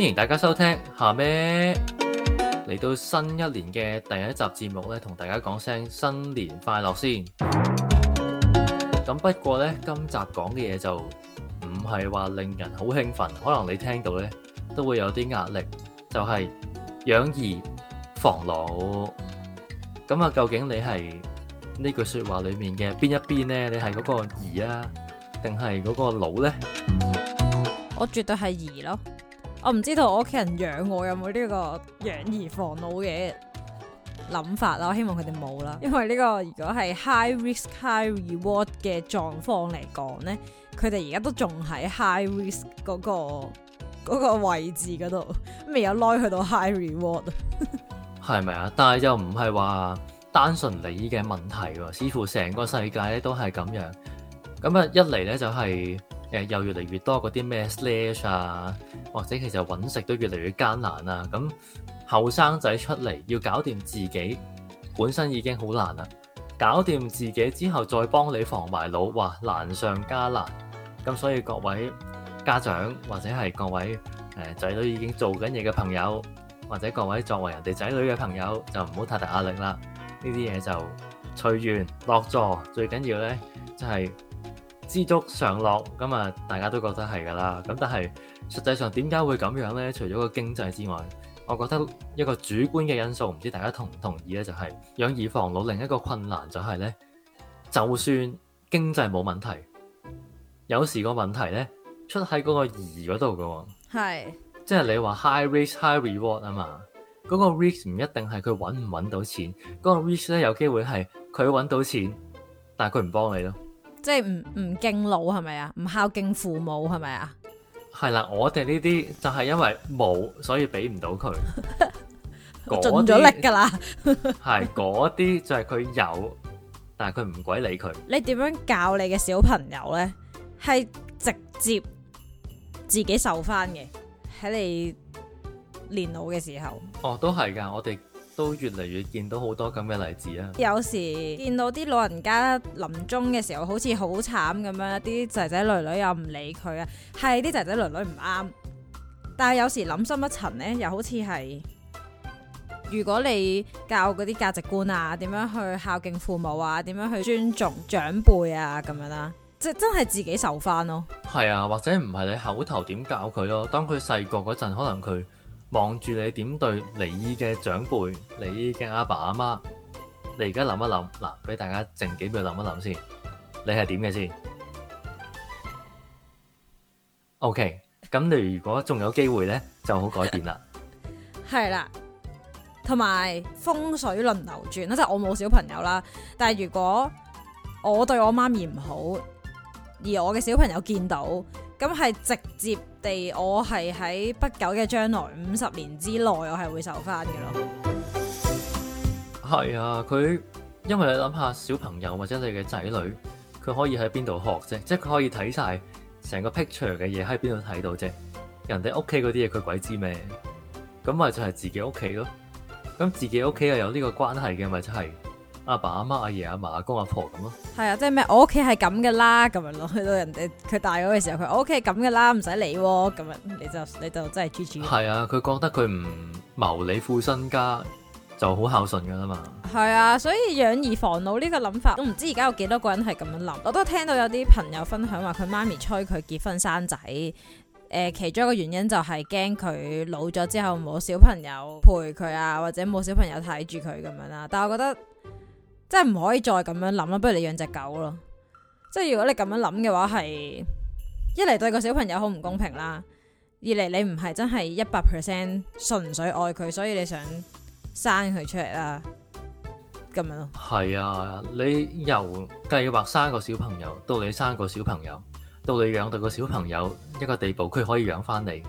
歡迎大家收聽下咩嚟，到新一年嘅第一集節目咧，同大家講聲新年快樂先。咁不過咧，今集講嘅嘢，就唔係話令人好興奮，可能你聽到咧都會有啲壓力。就係養兒防老。咁啊，究竟你係呢句說話裏面嘅邊一邊咧？你係嗰個兒啊，定係嗰個老咧？我絕對係兒咯。我唔知道我屋企人養我有冇呢個養兒防老嘅諗法啦，我希望佢哋冇啦。因為呢個如果係 high risk high reward 嘅狀況嚟講咧，佢哋而家都仲喺 high risk 嗰、嗰個、嗰個位置嗰度，未有耐去到 high reward。係咪啊？但係又唔係話單純你嘅問題，似乎成個世界咧都係咁樣。咁啊、就是，一嚟咧就係。誒又越嚟越多嗰啲咩 slash 啊，或者其實揾食都越嚟越艱難啦、啊。咁後生仔出嚟要搞掂自己本身已經好難啦，搞掂自己之後再幫你防埋老，哇難上加難。咁所以各位家長或者係各位誒呃、仔女已經做緊嘢嘅朋友，或者各位作為人哋仔女嘅朋友，就唔好太大壓力啦。呢啲嘢就隨緣落座，最緊要呢，就係、是。知足常樂，咁啊，大家都覺得係噶啦。咁但係實際上點解會咁樣呢？除咗個經濟之外，我覺得一個主觀嘅因素，唔知大家同唔同意呢，就係養兒防老，另一個困難就係呢，就算經濟冇問題，有時個問題呢，出喺嗰個兒嗰度噶喎。係，即係你話 high risk high reward 啊嘛，嗰個 risk 唔一定係佢揾唔揾到錢，嗰個 risk 呢，有機會係佢揾到錢，但係佢唔幫你咯。即係唔唔敬老係咪啊？唔孝敬父母係咪啊？係啦，我哋呢啲就係因為冇，所以俾唔到佢。我盡咗力噶啦，係嗰啲就係佢有，但係佢唔鬼理佢。你點樣教你嘅小朋友咧？係直接自己受翻嘅，喺你年老嘅時候。哦，都係噶，我哋。都越嚟越見到好多咁嘅例子啊！有時見到啲老人家臨終嘅時候，好似好慘咁樣，啲仔仔女女又唔理佢啊，係啲仔仔女女唔啱。但係有時諗深一層呢，又好似係如果你教嗰啲價值觀啊，點樣去孝敬父母啊，點樣去尊重長輩啊，咁樣啦、啊，即真係自己受翻咯。係啊，或者唔係你口頭點教佢咯。當佢細個嗰陣，可能佢。望住你點對離依嘅長輩，你嘅阿爸阿媽，你而家諗一諗，嗱，俾大家靜幾秒諗一諗先，你係點嘅先？OK，咁你如果仲有機會咧，就好改變啦。係啦，同埋風水輪流轉啦，即係我冇小朋友啦，但係如果我對我媽咪唔好，而我嘅小朋友見到。咁係直接地，我係喺不久嘅將來五十年之內，我係會受翻嘅咯。係啊，佢因為你諗下小朋友或者你嘅仔女，佢可以喺邊度學啫？即係佢可以睇晒成個 picture 嘅嘢喺邊度睇到啫？人哋屋企嗰啲嘢，佢鬼知咩？咁咪就係自己屋企咯。咁自己屋企又有呢個關係嘅，咪真係。阿爸、阿媽、阿爺、阿嫲、阿公、阿婆咁咯，係 啊，即係咩？我屋企係咁嘅啦，咁樣咯。去到人哋佢大咗嘅時候，佢我屋企係咁嘅啦，唔使理喎，啊，咁樣你就你就，你就真係 GG。係啊，佢覺得佢唔謀你富身家就好孝順噶啦嘛。係啊，所以養兒防老呢個諗法，我唔知而家有幾多個人係咁樣諗。我都聽到有啲朋友分享話，佢媽咪催佢結婚生仔。誒、呃，其中一個原因就係驚佢老咗之後冇小朋友陪佢啊，或者冇小朋友睇住佢咁樣啦。但係我覺得。真係唔可以再咁樣諗啦，不如你養隻狗咯。即係如果你咁樣諗嘅話，係一嚟對個小朋友好唔公平啦，二嚟你唔係真係一百 percent 純粹愛佢，所以你想生佢出嚟啦，咁樣咯。係啊，你由計劃生個小朋友到你生個小朋友，到你養到個小朋友一個地步，佢可以養翻你，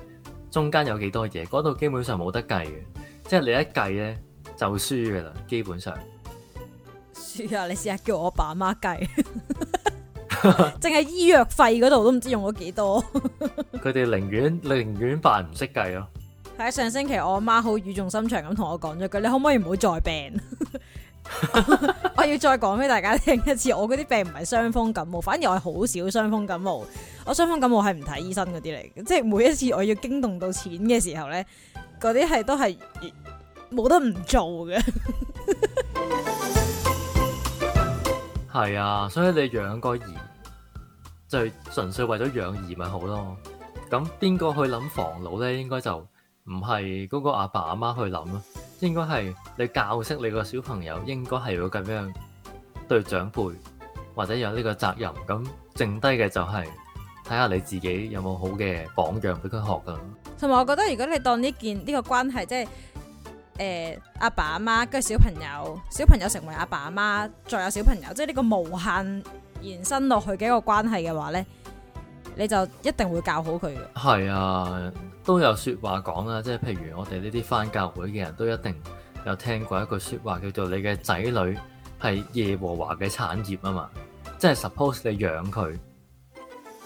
中間有幾多嘢，嗰度基本上冇得計嘅，即係你一計呢就輸噶啦，基本上。你試下叫我阿爸阿媽計，淨係醫藥費嗰度都唔知用咗幾多。佢哋寧願寧願扮唔識計咯。係啊， 上星期，我阿媽好語重心長咁同我講咗句：你可唔可以唔好再病？ 我要再講俾大家聽一次，我嗰啲病唔係傷風感冒，反而我係好少傷風感冒。我傷風感冒係唔睇醫生嗰啲嚟嘅，即係每一次我要驚動到錢嘅時候咧，嗰啲係都係冇得唔做嘅。 係啊，所以你養個兒就純粹為咗養兒咪好咯。咁邊個去諗防老呢？應該就唔係嗰個阿爸阿媽去諗咯，應該係你教識你個小朋友應該係要咁樣對長輩，或者有呢個責任。咁剩低嘅就係睇下你自己有冇好嘅榜樣俾佢學噶。同埋我覺得，如果你當呢件呢個關係即係誒，阿爸阿媽跟住小朋友，小朋友成為阿爸阿媽，再有小朋友，即係呢個無限延伸落去嘅一個關係嘅話呢，你就一定會教好佢嘅。係啊，都有說話講啦，即係譬如我哋呢啲返教會嘅人都一定有聽過一句說話，叫做你嘅仔女係耶和華嘅產業啊嘛，即係 suppose 你養佢，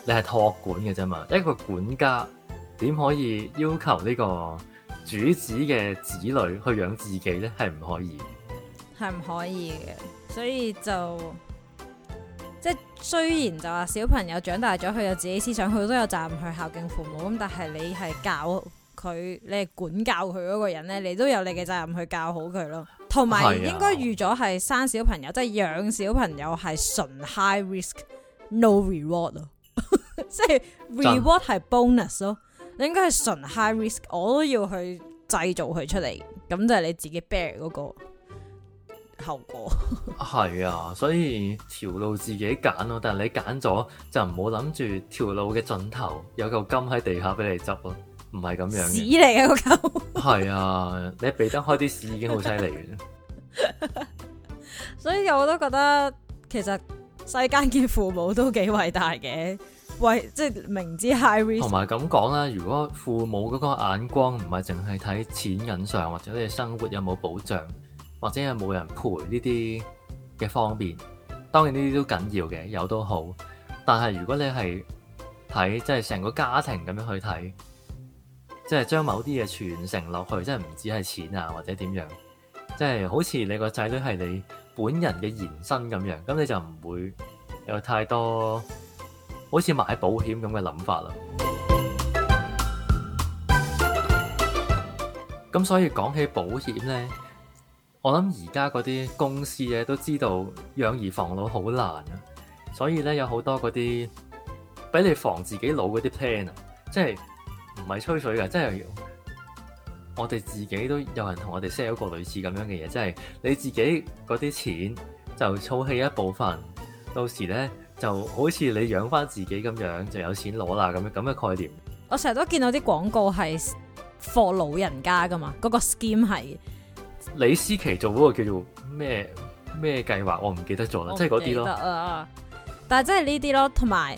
你係託管嘅啫嘛，一個管家點可以要求呢個？主子嘅子女去養自己呢，係唔可以，係唔可以嘅。所以就即係雖然就話小朋友長大咗，佢有自己思想，佢都有責任去孝敬父母。咁但係你係教佢，你係管教佢嗰個人呢，你都有你嘅責任去教好佢咯。同埋、啊、應該預咗係生小朋友，即係養小朋友係純 high risk no reward 咯，即 係以的 reward 係 bonus 咯。你應該係純 high risk，我都要去製造佢出嚟，咁就係你自己 bear 嗰個後果。係啊，所以條路自己揀咯，但係你揀咗就唔好諗住條路嘅盡頭有嚿金喺地下俾你執咯，唔係咁樣。屎嚟嘅嗰嚿。係、那個、 啊，你俾得開啲屎已經好犀利嘅。 所以我都覺得其實世間見父母都幾偉大嘅。喂，即係明知 high risk。同埋咁講啦，如果父母嗰個眼光唔係淨係睇錢銀上，或者你生活有冇保障，或者係冇人陪呢啲嘅方面，當然呢啲都緊要嘅，有都好。但係如果你係睇即係成個家庭咁樣去睇，即係將某啲嘢傳承落去，即係唔止係錢啊，或者點樣，即係好似你個仔女係你本人嘅延伸咁樣，咁你就唔會有太多。好似買保險咁嘅諗法啦。咁 所以講起保險咧，我諗而家嗰啲公司咧都知道養兒防老好難啊，所以咧有好多嗰啲俾你防自己老嗰啲 plan 啊，即係唔係吹水㗎，即係我哋自己都有人同我哋 sell 過類似咁樣嘅嘢，即係你自己嗰啲錢就儲起一部分，到時咧。就好似你養翻自己咁樣就有錢攞啦，咁樣咁嘅概念。我成日都見到啲廣告係 for 老人家噶嘛，嗰、嗰個 scheme 係李思琪做嗰個叫做咩咩計劃，我唔記得咗啦，即係嗰啲咯。但係真係呢啲咯，同埋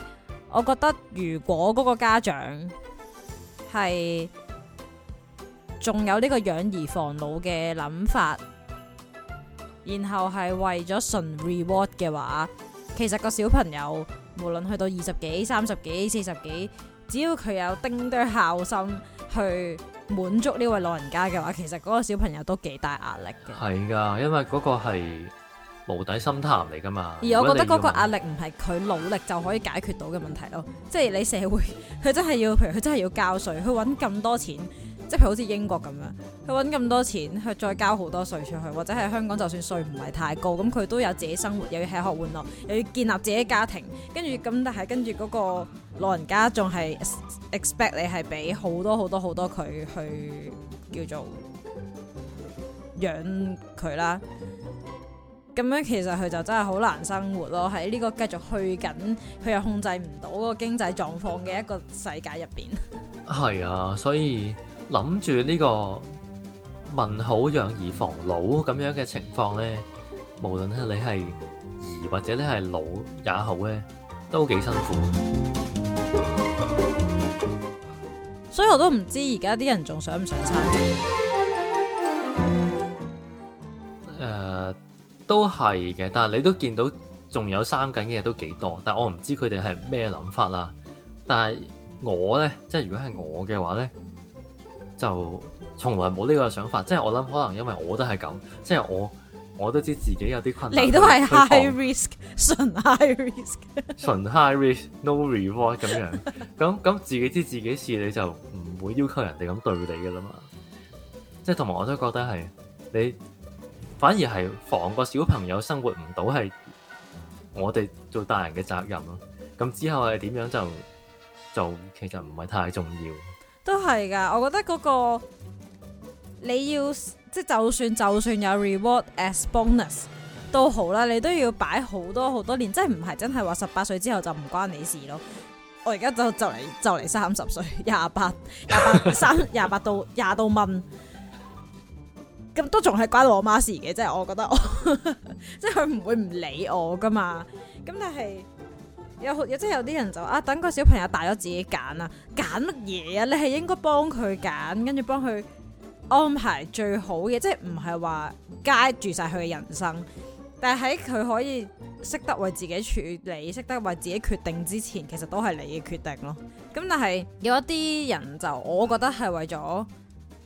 我覺得如果嗰個家長係仲有呢個養兒防老嘅諗法，然後係為咗純 reward 嘅話。其實個小朋友無論去到二十幾、三十幾、四十幾，只要佢有丁丁孝心去滿足呢位老人家嘅話，其實嗰個小朋友都幾大壓力嘅。係噶，因為嗰個係無底深潭嚟噶嘛。而我覺得嗰個壓力唔係佢努力就可以解決到嘅問題咯， 即係你社會佢真係要，譬如佢真係要交稅，去搵咁多錢。即係好似英國咁樣，佢揾咁多錢，佢再交好多稅出去，或者喺香港就算稅唔係太高，咁佢都有自己生活，又要吃喝玩樂，又要建立自己家庭，跟住咁但係跟住嗰個老人家仲係 expect 你係俾好多好多好多佢去叫做養佢啦。咁樣其實佢就真係好難生活咯，喺呢個繼續去緊，佢又控制唔到嗰個經濟狀況嘅一個世界入邊。係啊，所以。諗住呢個問好養兒防老咁樣嘅情況咧，無論係你係兒或者你係老也好咧，都幾辛苦。所以我都唔知而家啲人仲想唔想生？誒、呃，都係嘅，但係你都見到仲有生緊嘅嘢都幾多，但係我唔知佢哋係咩諗法啦。但係我咧，即係如果係我嘅話咧。就從來冇呢個想法，即係我諗可能因為我都係咁，即係我我都知自己有啲困難。你都係 high risk，純防 high risk，純 high risk no reward 咁樣，咁咁自己知自己事，你就唔會要求人哋咁對你噶啦嘛。即係同埋我都覺得係你反而係防個小朋友生活唔到係我哋做大人嘅責任咯。咁之後係點樣就做，其實唔係太重要。都係噶，我覺得嗰個你要即係，就算就算有 reward as bonus 都好啦，你都要擺好多好多年，即係唔係真係話十八歲之後就唔關你事咯。我而家就就嚟就嚟三十歲，廿八廿八三廿八到廿度蚊，咁都仲係關我媽事嘅，即係我覺得我 即係佢唔會唔理我噶嘛，咁但係。有即有即係有啲人就啊，等個小朋友大咗自己揀啊，揀乜嘢啊？你係應該幫佢揀，跟住幫佢安排最好嘅，即係唔係話街住晒佢嘅人生。但係喺佢可以識得為自己處理、識得為自己決定之前，其實都係你嘅決定咯。咁但係有一啲人就，我覺得係為咗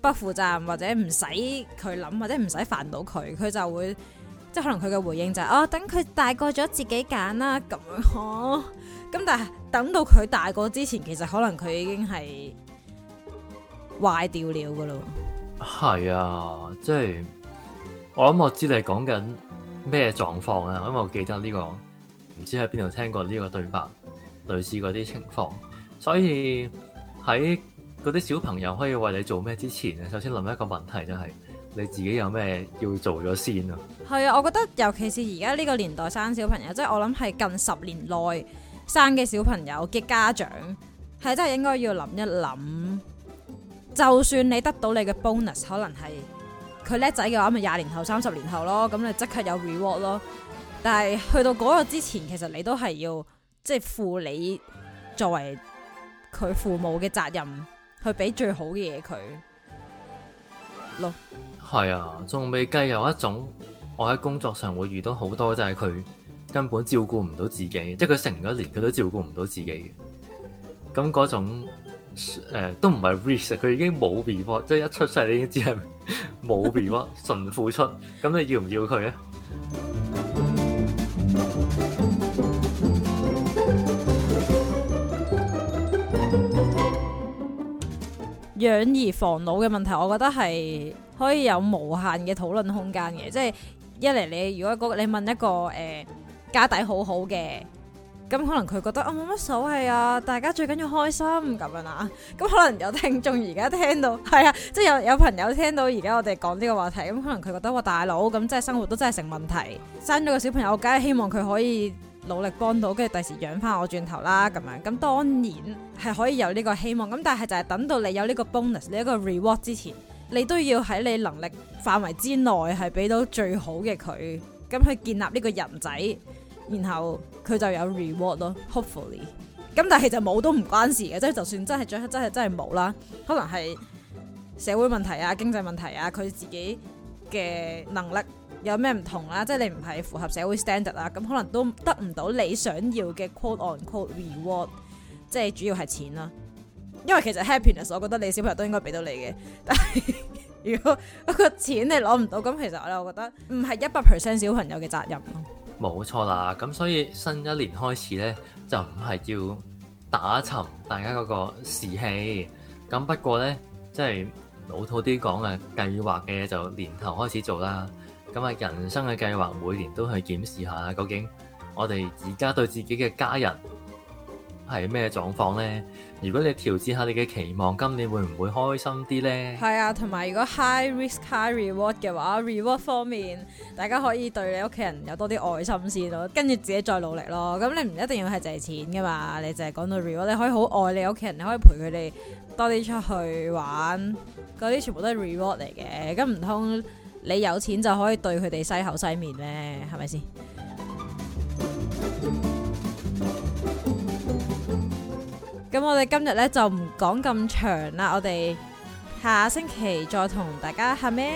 不負責任或者唔使佢諗或者唔使煩到佢，佢就會。即係可能佢嘅回應就係、是、哦，等佢大個咗自己揀啦咁樣哦。咁但係等到佢大個之前，其實可能佢已經係壞掉了噶咯。係啊，即係我諗我知你講緊咩狀況啊。因為我記得呢、這個唔知喺邊度聽過呢個對白，類似嗰啲情況。所以喺嗰啲小朋友可以為你做咩之前咧，首先諗一個問題、就是，就係。你自己有咩要做咗先啊？係啊，我覺得尤其是而家呢個年代生小朋友，即係我諗係近十年內生嘅小朋友嘅家長，係真係應該要諗一諗。就算你得到你嘅 bonus，可能係佢叻仔嘅話，咪廿年後、三十年後咯，咁你即刻有 reward 咯。但係去到嗰個之前，其實你都係要即係負你作為佢父母嘅責任，去俾最好嘅嘢佢咯。係啊，仲未計有一種，我喺工作上會遇到好多，就係、是、佢根本照顧唔到自己，即係佢成咗年佢都照顧唔到自己嘅。咁嗰種、呃、都唔係 rich，佢已經冇 b e 即係一出世你已經知係冇 b e 純付出。咁你要唔要佢咧？養兒防老嘅問題，我覺得係。可以有無限嘅討論空間嘅，即係一嚟你如果嗰你問一個誒、欸、家底好好嘅，咁可能佢覺得啊冇乜所謂啊，大家最緊要開心咁樣啦、啊。咁可能有聽眾而家聽到，係啊，即係有有朋友聽到而家我哋講呢個話題，咁可能佢覺得我大佬咁，即係生活都真係成問題，生咗個小朋友，我梗係希望佢可以努力幫到，跟住第時養返我轉頭啦咁樣。咁當然係可以有呢個希望，咁但係就係等到你有呢個 bonus，你一個 reward 之前。你都要喺你能力範圍之內，係俾到最好嘅佢，咁去建立呢個人仔，然後佢就有 reward 咯。Hopefully，咁但係就冇都唔關事嘅，即係就算真係最真係真係冇啦，可能係社會問題啊、經濟問題啊，佢自己嘅能力有咩唔同啦、啊，即係你唔係符合社會 standard 啦、啊，咁可能都得唔到你想要嘅 quote on quote reward，即係主要係錢啦。因為其實 happiness，我覺得你小朋友都應該俾到你嘅。但係如果嗰個錢你攞唔到，咁其實咧，我覺得唔係一百 percent 小朋友嘅責任咯。冇錯啦，咁所以新一年開始咧，就唔係要打沉大家嗰個士氣。咁不過咧，即係老土啲講啊，計劃嘅就年頭開始做啦。咁啊，人生嘅計劃每年都去檢視下，究竟我哋而家對自己嘅家人。係咩狀況呢？如果你調節下你嘅期望，今年會唔會開心啲呢？係啊，同埋如果 high risk high reward 嘅話，reward 方面大家可以對你屋企人有多啲愛心先咯，跟住自己再努力咯。咁你唔一定要係借錢噶嘛，你淨係講到 reward，你可以好愛你屋企人，你可以陪佢哋多啲出去玩，嗰啲全部都係 reward 嚟嘅。咁唔通你有錢就可以對佢哋洗口洗面咧？係咪先？嗯咁我哋今日咧就唔講咁長啦，我哋下星期再同大家係咩？